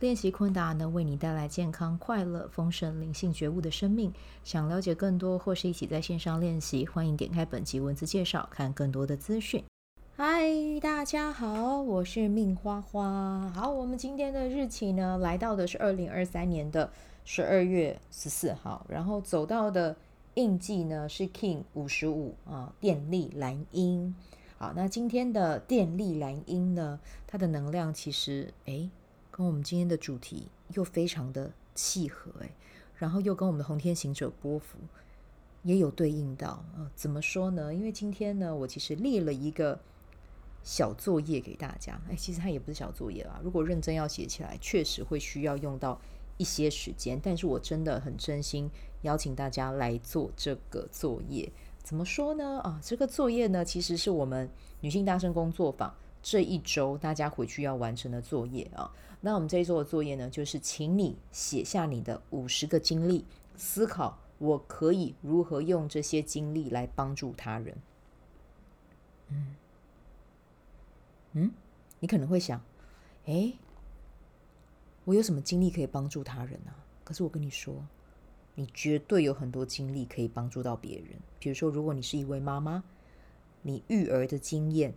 練習昆達呢，為你帶來健康、快樂、豐盛、靈性覺悟的生命。想了解更多，或是一起在線上練習，歡迎點開本集文字介紹，看更多的資訊。嗨，大家好，我是 Min 花花。好，我們今天的日期呢，來到的是二零二三年的十二月十四號，然後走到的印記呢是 Kin 五十五啊，電力藍鷹。好，那今天的電力藍鷹呢，它的能量其實誒。跟我們今天的主題又非常的契合哎、欸，然後又跟我們的《紅天行者波符》也有對應到、哦、怎麼說呢？因為今天呢，我其實列了一個小作業給大家，哎，其實它也不是小作業啦，如果認真要寫起來，確實會需要用到一些時間，但是我真的很真心邀請大家來做這個作業。怎麼說呢？啊、哦，這個作業呢，其實是我們女性大聲工作坊。這一周大家回去要完成的作業啊，那我們這一周的作業呢，就是請你寫下你的五十個經歷，思考我可以如何用這些經歷來幫助他人。嗯嗯，你可能會想，哎、欸，我有什麼經歷可以幫助他人呢、啊？可是我跟你說，你絕對有很多經歷可以幫助到別人。比如說，如果你是一位媽媽，你育兒的經驗。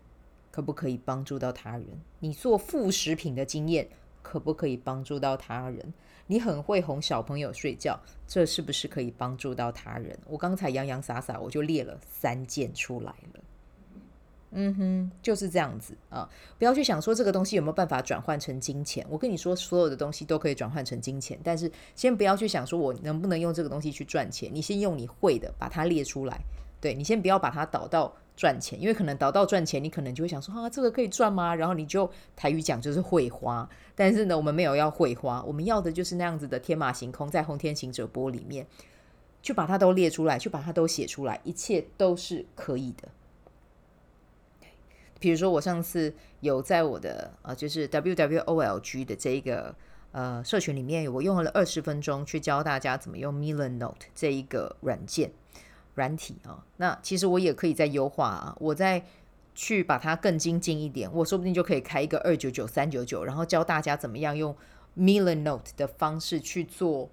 可不可以幫助到他人？你做副食品的經驗可不可以幫助到他人？你很會哄小朋友睡覺，這是不是可以幫助到他人？我剛才洋洋灑灑，我就列了三件出來了。嗯哼，就是這樣子啊，不要去想說這個東西有沒有辦法轉換成金錢。我跟你說，所有的東西都可以轉換成金錢，但是先不要去想說我能不能用這個東西去賺錢。你先用你會的把它列出來，對，你先不要把它導到。賺錢，因為可能導到，到賺錢，你可能就會想說：“啊，這個可以賺嗎？”然後你就台語講就是會花。但是呢，我們沒有要會花，我們要的就是那樣子的天馬行空，在《紅天行者波》裡面，去把它都列出來，去把它都寫出來，一切都是可以的。比如說，我上次有在我的呃，就是 WWOLG 的這一個呃社群裡面，我用了二十分鐘去教大家怎麼用 Milanote 這一個軟件。軟體啊、哦，那其實我也可以再優化啊，我再去把它更精進一點，我說不定就可以開一個二九九、三九九，99, 然後教大家怎麼樣用 Milanote 的方式去做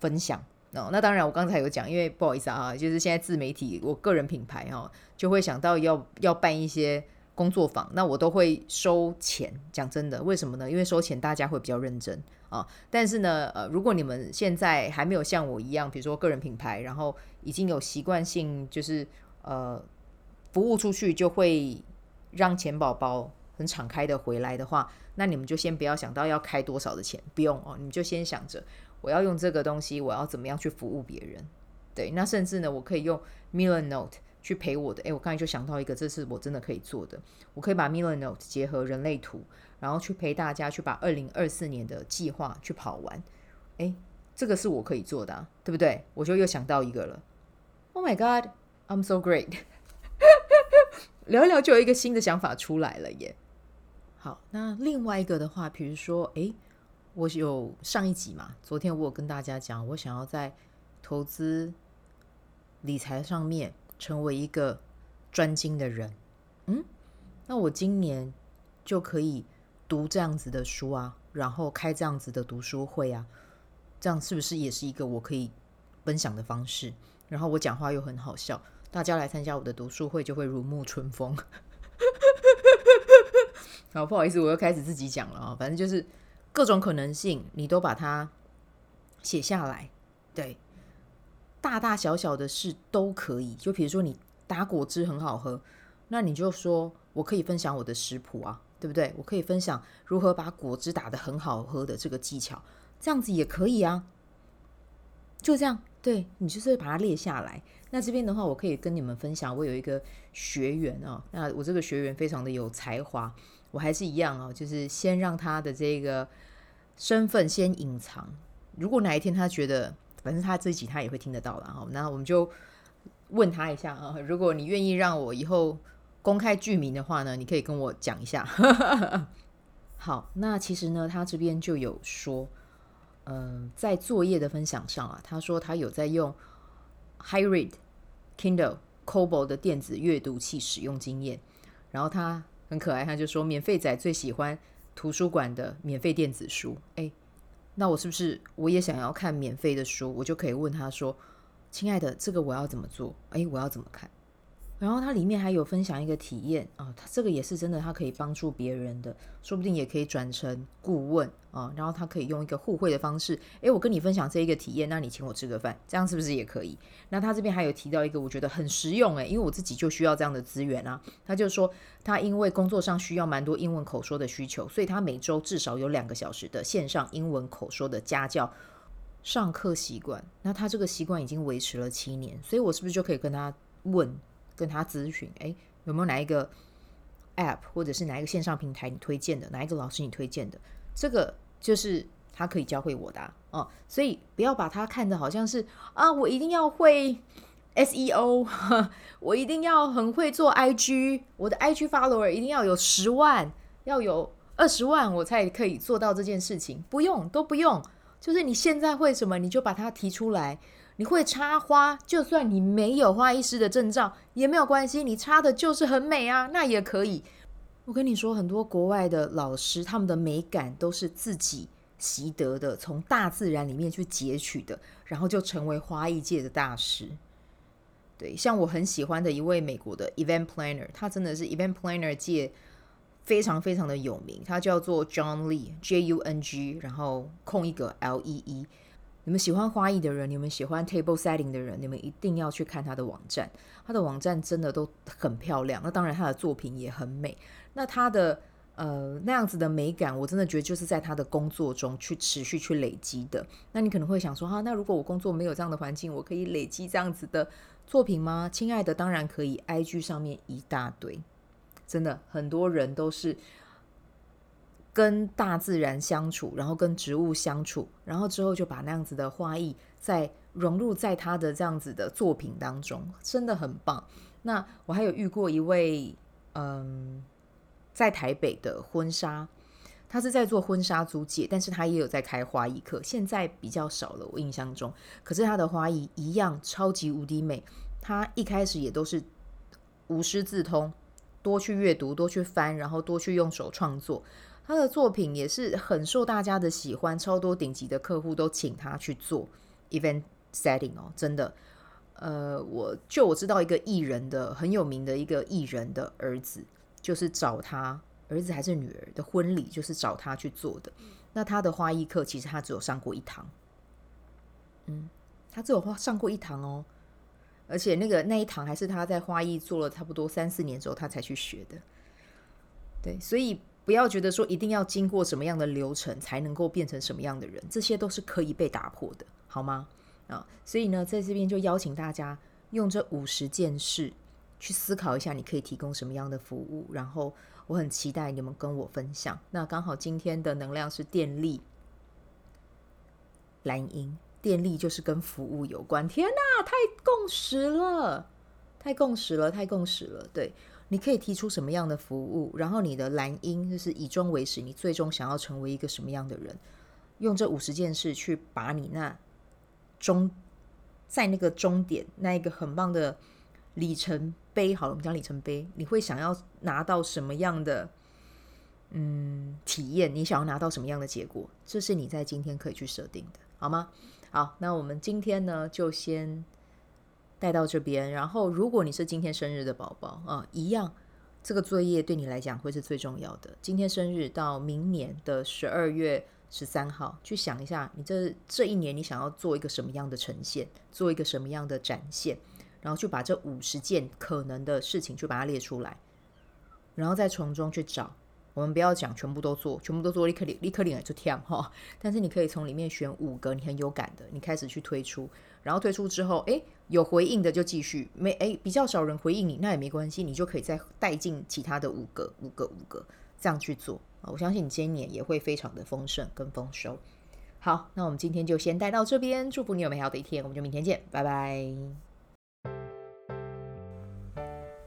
分享。哦、那當然我剛才有講，因為不好意思啊，就是現在自媒體，我個人品牌哈、啊，就會想到要要辦一些工作坊，那我都會收錢。講真的，為什麼呢？因為收錢大家會比較認真。啊，但是呢，呃，如果你們現在還沒有像我一樣，比如說個人品牌，然後已經有習慣性就是，呃，服務出去就會讓錢寶寶很敞開的回來的話，那你們就先不要想到要開多少的錢，不用哦，你們就先想着我要用這個東西，我要怎麼樣去服務別人，對，那甚至呢，我可以用 Milanote。去陪我的，哎，我剛才就想到一個，這是我真的可以做的，我可以把 Milanote 結合人類圖，然後去陪大家去把二零二四年的計劃去跑完，哎，這個是我可以做的，啊，對不對？我就又想到一個了，Oh my God，I'm so great， 聊一聊就有一個新的想法出來了耶。好，那另外一個的話，比如說，哎，我有上一集嘛，昨天我有跟大家講，我想要在投資理財上面。成為一個專精的人，嗯，那我今年就可以讀這樣子的書啊，然後開這樣子的讀書會啊，這樣是不是也是一個我可以分享的方式？然後我講話又很好笑，大家來參加我的讀書會就會如沐春風。 好，不好意思，我又開始自己講了啊、哦，反正就是各種可能性，你都把它寫下來，對。大大小小的事都可以，就比如說你打果汁很好喝，那你就說我可以分享我的食譜啊，對不對？我可以分享如何把果汁打得很好喝的這個技巧，這樣子也可以啊。就這樣，對，你就是把它列下來。那這邊的話，我可以跟你們分享，我有一個學員啊，那我這個學員非常的有才華，我還是一樣啊，就是先讓他的這個身份先隱藏。如果哪一天他覺得，反正他自己他也會聽得到了，哈，那我們就問他一下啊，如果你願意讓我以後公開劇名的話呢，你可以跟我講一下。 好，那其實呢，他這邊就有說，嗯、呃，在作業的分享上啊，他說他有在用 HyRead Kindle Kobo 的電子閱讀器使用經驗，然後他很可愛，他就說免費仔最喜歡圖書館的免費電子書，誒那我是不是我也想要看免費的書？我就可以問他說：“親愛的，這個我要怎麼做？哎，我要怎麼看？”然後他裡面還有分享一個體驗啊，他這個也是真的，他可以幫助別人的，說不定也可以轉成顧問啊。然後他可以用一個互惠的方式，誒，我跟你分享這一個體驗，那你請我吃個飯，這樣是不是也可以？那他這邊還有提到一個我覺得很實用誒，因為我自己就需要這樣的資源啊。他就說他因為工作上需要蠻多英文口說的需求，所以他每週至少有兩個小時的線上英文口說的家教上課習慣。那他這個習慣已經維持了七年，所以我是不是就可以跟他問？跟他諮詢，哎、欸，有沒有哪一個 app 或者是哪一個線上平台你推薦的？哪一個老師你推薦的？這個就是他可以教會我的哦、啊嗯。所以不要把他看得好像是啊，我一定要會 SEO，我一定要很會做 IG，我的 IG follower 一定要有十萬，要有二十萬我才可以做到這件事情。不用，都不用，就是你現在會什麼，你就把它提出來。你會插花，就算你沒有花藝師的證照也沒有關係，你插的就是很美啊，那也可以。我跟你說，很多國外的老師，他們的美感都是自己習得的，從大自然裡面去截取的，然後就成為花藝界的大師。對，像我很喜歡的一位美國的 Event Planner，他真的是 Event Planner 界非常非常的有名，他叫做 Jung Lee J U N G，然後空一個 L E E。E 你們喜歡花藝的人，你們喜歡 table setting 的人，你們一定要去看他的網站。他的網站真的都很漂亮，那當然他的作品也很美。那他的呃那樣子的美感，我真的覺得就是在他的工作中去持續去累積的。那你可能會想說，哈、啊，那如果我工作沒有這樣的環境，我可以累積這樣子的作品嗎？親愛的，當然可以。IG 上面一大堆，真的很多人都是。跟大自然相處，然後跟植物相處，然後之後就把那樣子的花藝再融入在他的這樣子的作品當中，真的很棒。那我還有遇過一位，嗯，在台北的婚紗，他是在做婚紗租借，但是他也有在開花藝課，現在比較少了，我印象中，可是他的花藝一樣超級無敵美。他一開始也都是無師自通，多去閱讀，多去翻，然後多去用手創作。他的作品也是很受大家的喜歡，超多頂級的客戶都請他去做 event setting 哦，真的。呃，我就我知道一個藝人的很有名的一個藝人的兒子，就是找他兒子還是女兒的婚禮，就是找他去做的。那他的花藝課其實他只有上過一堂，嗯，他只有上過一堂哦。而且那個那一堂還是他在花藝做了差不多三四年之後，他才去學的。對，所以。不要覺得說一定要經過什麼樣的流程才能夠變成什麼樣的人，這些都是可以被打破的，好嗎？啊，所以呢，在這邊就邀請大家用這五十件事去思考一下，你可以提供什麼樣的服務。然後，我很期待你們跟我分享。那剛好今天的能量是電力，藍鷹電力就是跟服務有關。天哪，太共時了，太共時了，太共時了，對。你可以提出什麼樣的服務？然後你的藍音就是以終為始，你最終想要成為一個什麼樣的人？用這五十件事去把你那終在那個終點那一個很棒的里程碑，好了，我們講里程碑，你會想要拿到什麼樣的嗯體驗？你想要拿到什麼樣的結果？這是你在今天可以去設定的，好嗎？好，那我們今天呢，就先。帶到這邊，然後如果你是今天生日的寶寶啊，一樣，這個作業對你來講會是最重要的。今天生日到明年的十二月十三號，去想一下，你這這一年你想要做一個什麼樣的呈現，做一個什麼樣的展現，然後就把這五十件可能的事情就把它列出來，然後再從中去找。我們不要講全部都做，全部都做立刻立刻領來就跳哈。但是你可以從裡面選五個你很有感的，你開始去推出，然後推出之後，哎，有回應的就繼續，沒哎比較少人回應你，那也沒關係，你就可以再帶進其他的五個、五個、五個這樣去做。我相信你今年也會非常的豐盛跟豐收。好，那我們今天就先帶到這邊，祝福你有美好的一天，我們就明天見，拜拜。